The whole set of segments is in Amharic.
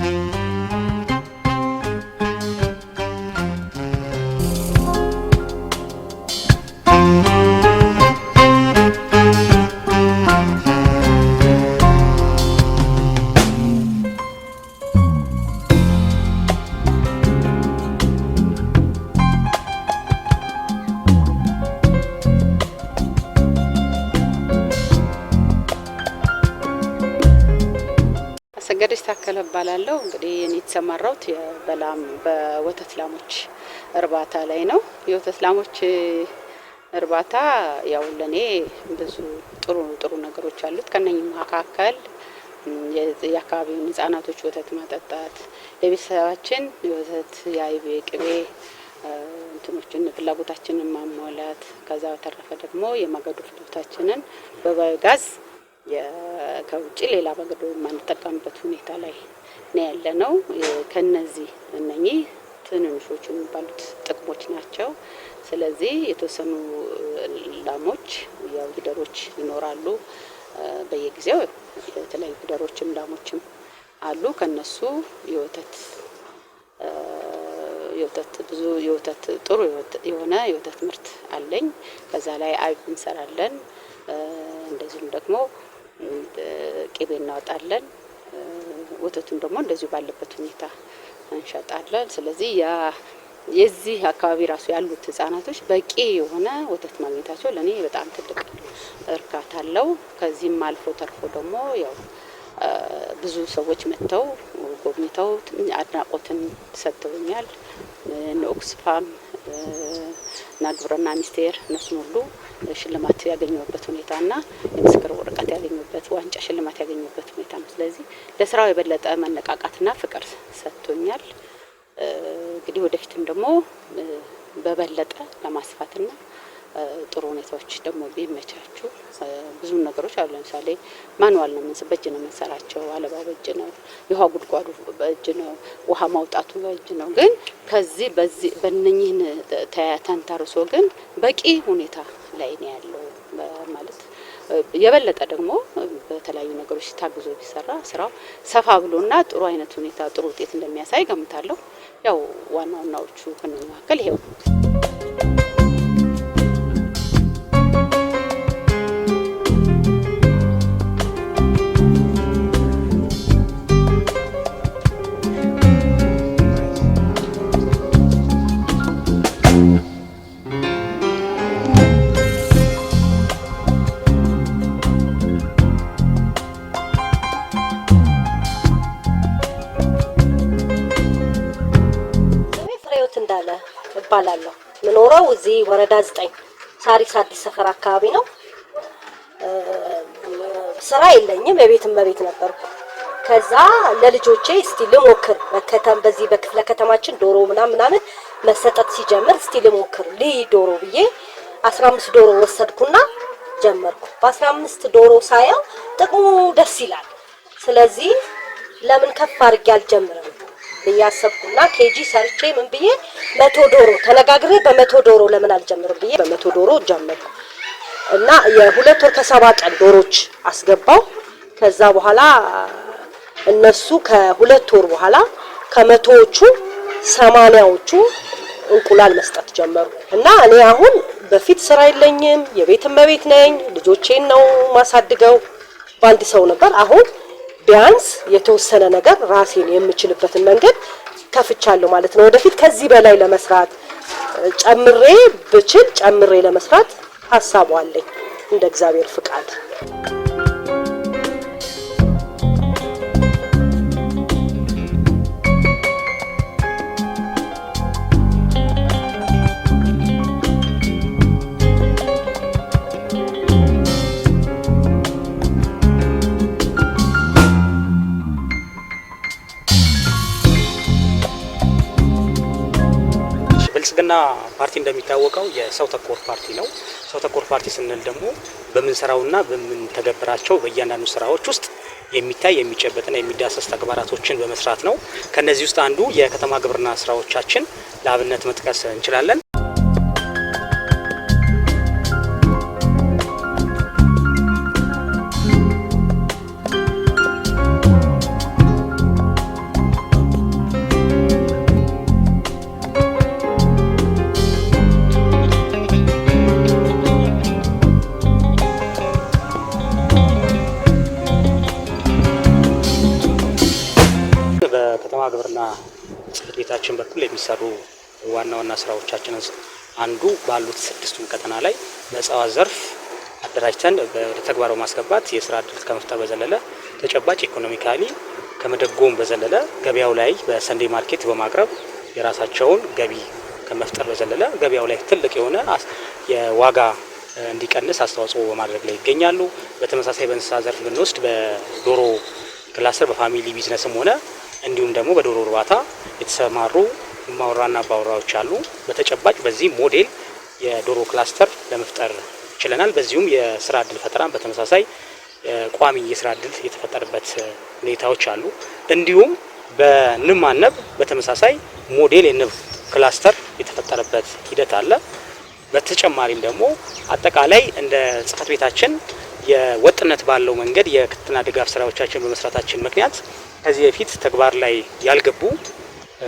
Thank you. ታከለ እባላለሁ። እንግዲህ እኔ የተሰማራሁት በላም በወተት ላሞች እርባታ ላይ ነው። የወተት ላሞች እርባታ ያው ለኔ ብዙ ጥሩ ጥሩ ነገሮች አሉት። ከነኝ መካከል የአካባቢውን ህጻናቶች ወተት ማጠጣት፣ ለቤተሰባችን የወተት የአይቤ የቅቤ እንትኖችን ፍላጎታችንን ማሟላት፣ ከዛ በተረፈ ደግሞ የማገዶ ፍላጎታችንን በባዮጋዝ ከውጭ ሌላ በግዶ የማንጠቀምበት ሁኔታ ላይ ነው ያለ ነው። ከነዚህ እነኚህ ትንንሾቹ የሚባሉት ጥቅሞች ናቸው። ስለዚህ የተወሰኑ ላሞች ያው ጊደሮች ይኖራሉ። በየጊዜው የተለያዩ ጊደሮችም ላሞችም አሉ። ከነሱ የወተት የወተት ብዙ የወተት ጥሩ የሆነ የወተት ምርት አለኝ። ከዛ ላይ አይብ እንሰራለን። እንደዚሁም ደግሞ ቅቤ እናወጣለን። ወተቱን ደግሞ እንደዚሁ ባለበት ሁኔታ እንሸጣለን። ስለዚህ ያ የዚህ አካባቢ ራሱ ያሉት ህጻናቶች በቂ የሆነ ወተት ማግኘታቸው ለእኔ በጣም ትልቅ እርካታ አለው። ከዚህም አልፎ ተርፎ ደግሞ ያው ብዙ ሰዎች መጥተው ጎብኝተው አድናቆትን ሰጥተውኛል። ኦክስፋም እና ግብርና ሚኒስቴር እነሱን ሁሉ ሽልማት ያገኘበት ሁኔታና የምስክር ዋንጫ ሽልማት ያገኙበት ሁኔታ ነው። ስለዚህ ለስራው የበለጠ መነቃቃትና ፍቅር ሰጥቶኛል። እንግዲህ ወደፊትም ደግሞ በበለጠ ለማስፋትና ጥሩ ሁኔታዎች ደግሞ ቢመቻቹ ብዙ ነገሮች አሉ። ለምሳሌ ማንዋል ነው ምንስ በእጅ ነው የምንሰራቸው። አለባ በእጅ ነው፣ የውሃ ጉድጓዱ በእጅ ነው፣ ውሃ ማውጣቱ በእጅ ነው። ግን ከዚህ በዚህ በእነኝህን ተንተርሶ ግን በቂ ሁኔታ ላይ ነው ያለው የበለጠ ደግሞ በተለያዩ ነገሮች ታግዞ ቢሰራ ስራው ሰፋ ብሎና ጥሩ አይነት ሁኔታ ጥሩ ውጤት እንደሚያሳይ ገምታለሁ። ያው ዋና ዋናዎቹ ከነ መካከል ይሄው እባላለሁ። ምኖረው እዚህ ወረዳ ዘጠኝ ሳሪስ አዲስ ሰፈር አካባቢ ነው። ስራ የለኝም። የቤትም መቤት ነበርኩ። ከዛ ለልጆቼ እስቲ ልሞክር በከተም በዚህ በክፍለ ከተማችን ዶሮ ምናምን ምናምን መሰጠት ሲጀምር እስቲ ልሞክር ልይ ዶሮ ብዬ 15 ዶሮ ወሰድኩና ጀመርኩ። በ15 ዶሮ ሳየው ጥቅሙ ደስ ይላል። ስለዚህ ለምን ከፍ አድርጌ አልጀምርም? እያሰብኩና ኬጂ ሰርቼ ምን ብዬ መቶ ዶሮ ተነጋግሬ በመቶ ዶሮ ለምን አልጀምርም ብዬ በመቶ ዶሮ ጀመርኩ እና የሁለት ወር ከሰባ ቀን ዶሮች አስገባው። ከዛ በኋላ እነሱ ከሁለት ወር በኋላ ከመቶዎቹ ሰማንያዎቹ እንቁላል መስጠት ጀመሩ እና እኔ አሁን በፊት ስራ የለኝም፣ የቤት እመቤት ነኝ። ልጆቼን ነው ማሳድገው። በአንድ ሰው ነበር አሁን ቢያንስ የተወሰነ ነገር ራሴን የምችልበትን መንገድ ከፍቻለሁ ማለት ነው። ወደፊት ከዚህ በላይ ለመስራት ጨምሬ ብችል ጨምሬ ለመስራት ሀሳቧለኝ እንደ እግዚአብሔር ፍቃድ ብልጽግና ፓርቲ እንደሚታወቀው የሰው ተኮር ፓርቲ ነው። ሰው ተኮር ፓርቲ ስንል ደግሞ በምንሰራውና በምንተገብራቸው በእያንዳንዱ ስራዎች ውስጥ የሚታይ የሚጨበጥና የሚዳሰስ ተግባራቶችን በመስራት ነው። ከነዚህ ውስጥ አንዱ የከተማ ግብርና ስራዎቻችን ለአብነት መጥቀስ እንችላለን። በድርጅታችን በኩል የሚሰሩ ዋና ዋና ስራዎቻችን አንዱ ባሉት ስድስቱን ቀጠና ላይ በጸዋ ዘርፍ አደራጅተን ወደ ተግባሩ ማስገባት የስራ እድል ከመፍጠር በዘለለ ተጨባጭ ኢኮኖሚካሊ ከመደጎም በዘለለ ገበያው ላይ በሰንዴ ማርኬት በማቅረብ የራሳቸውን ገቢ ከመፍጠር በዘለለ ገበያው ላይ ትልቅ የሆነ የዋጋ እንዲቀንስ አስተዋጽኦ በማድረግ ላይ ይገኛሉ። በተመሳሳይ በእንስሳ ዘርፍ ብንወስድ በዶሮ ክላስተር በፋሚሊ ቢዝነስም ሆነ እንዲሁም ደግሞ በዶሮ እርባታ የተሰማሩ ማወራና አባወራዎች አሉ። በተጨባጭ በዚህ ሞዴል የዶሮ ክላስተር ለመፍጠር ችለናል። በዚሁም የስራ እድል ፈጠራን በተመሳሳይ ቋሚ የስራ እድል የተፈጠረበት ሁኔታዎች አሉ። እንዲሁም በንብ ማነብ በተመሳሳይ ሞዴል የንብ ክላስተር የተፈጠረበት ሂደት አለ። በተጨማሪም ደግሞ አጠቃላይ እንደ ጽህፈት ቤታችን የወጥነት ባለው መንገድ የክትና ድጋፍ ስራዎቻችን በመስራታችን ምክንያት ከዚህ በፊት ተግባር ላይ ያልገቡ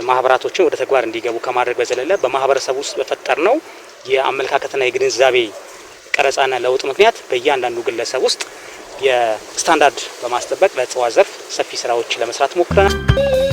ማህበራቶችን ወደ ተግባር እንዲገቡ ከማድረግ በዘለለ በማህበረሰብ ውስጥ በፈጠር ነው የአመለካከትና የግንዛቤ ቀረጻና ለውጥ ምክንያት በእያንዳንዱ ግለሰብ ውስጥ የስታንዳርድ በማስጠበቅ ለእጽዋት ዘርፍ ሰፊ ስራዎች ለመስራት ሞክረናል።